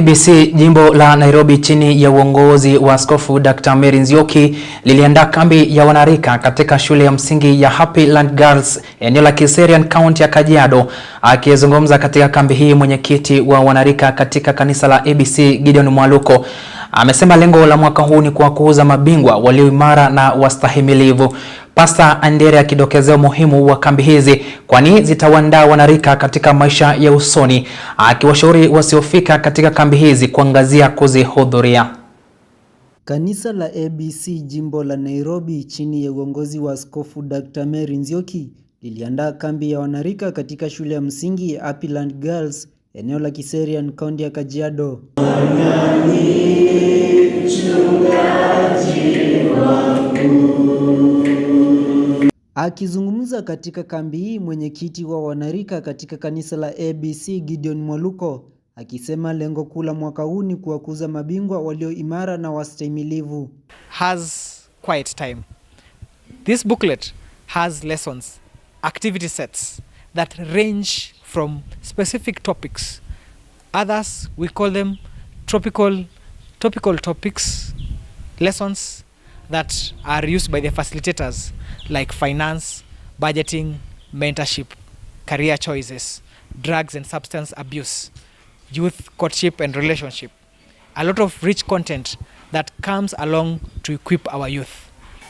ABC jimbo la Nairobi chini ya uongozi wa Askofu Dr. Mary Nzioki liliandaa kambi ya wanarika katika shule ya msingi ya Happyland Girls eneo la Kiserian County ya Kajiado. Akizungumza katika kambi hii, mwenyekiti wa wanarika katika kanisa la ABC Gideon Mwaluko Amesema lengo la mwaka huu ni kuwakuza mabingwa walio imara na wastahimilivu. Pasta Andere akidokezea umuhimu wa kambi hizi kwani zitawaandaa wanarika katika maisha ya usoni, akiwashauri wasiofika katika kambi hizi kuangazia kuzihudhuria. Kanisa la ABC jimbo la Nairobi chini ya uongozi wa Askofu Dr. Mary Nzioki liliandaa kambi ya wanarika katika shule ya msingi ya Apiland Girls eneo la Kiserian, kaunti ya Kajiado. Akizungumza katika kambi hii, mwenyekiti wa wanarika katika kanisa la ABC Gideon Mwaluko akisema lengo kuu la mwaka huu ni kuwakuza mabingwa walio imara na wastahimilivu. Has quiet time. This booklet has lessons, activity sets that range from specific topics. Others, we call them tropical, topical topics, lessons that are used by the facilitators like finance, budgeting, mentorship, career choices, drugs and substance abuse, youth courtship and relationship. A lot of rich content that comes along to equip our youth.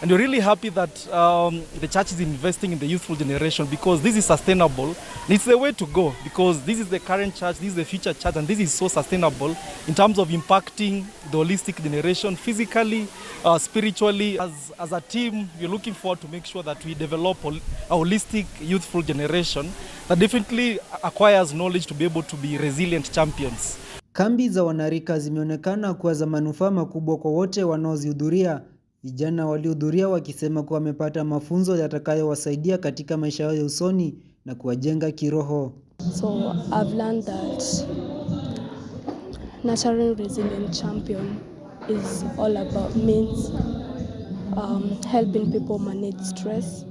And we're really happy that um, the church is investing in the youthful generation because this is sustainable. And it's the way to go because this is the current church, this is the future church, and this is so sustainable in terms of impacting the holistic generation physically, uh, spiritually. As, as a team, we're looking forward to make sure that we develop a holistic youthful generation that definitely acquires knowledge to be able to be resilient champions. Kambi za wanarika zimeonekana kuwa za manufaa makubwa kwa wote wanaozihudhuria. Vijana walihudhuria wakisema kuwa wamepata mafunzo yatakayowasaidia katika maisha yao ya usoni na kuwajenga kiroho. So I've learned that nurturing resilient champion is all about means um, helping people manage stress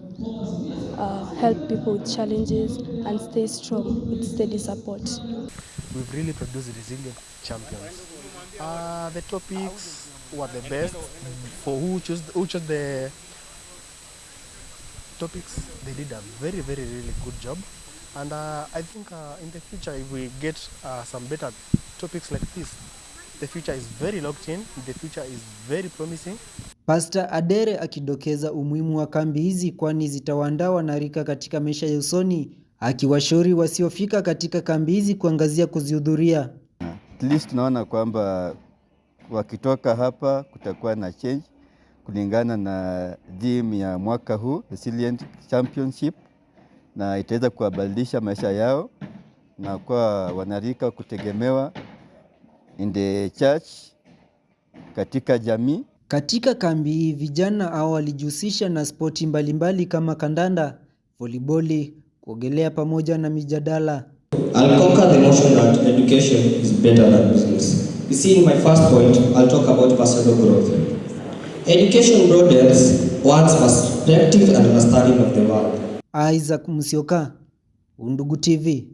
uh, help people with challenges and stay strong with steady support. We've really produced resilient champions. Uh, the topics who are the best for who chose who chose the topics. They did a very very really good job, and uh, I think uh, in the future if we get uh, some better topics like this, the future is very locked in. The future is very promising. Pastor Adere akidokeza umuhimu wa kambi hizi kwani zitawaandaa wanarika katika maisha ya usoni, akiwashauri wasiofika katika kambi hizi kuangazia kuzihudhuria. At least tunaona kwamba wakitoka hapa kutakuwa na change kulingana na theme ya mwaka huu Resilient Championship, na itaweza kuwabadilisha maisha yao na kuwa wanarika kutegemewa in the church, katika jamii. Katika kambi hii vijana hao walijihusisha na spoti mbalimbali kama kandanda, voliboli, kuogelea pamoja na mijadala. I'll conquer the notion that education is better than business. You see, in my first point, I'll talk about personal growth. Education broadens one's perspective and understanding of the world. Isaac musioka Undugu TV.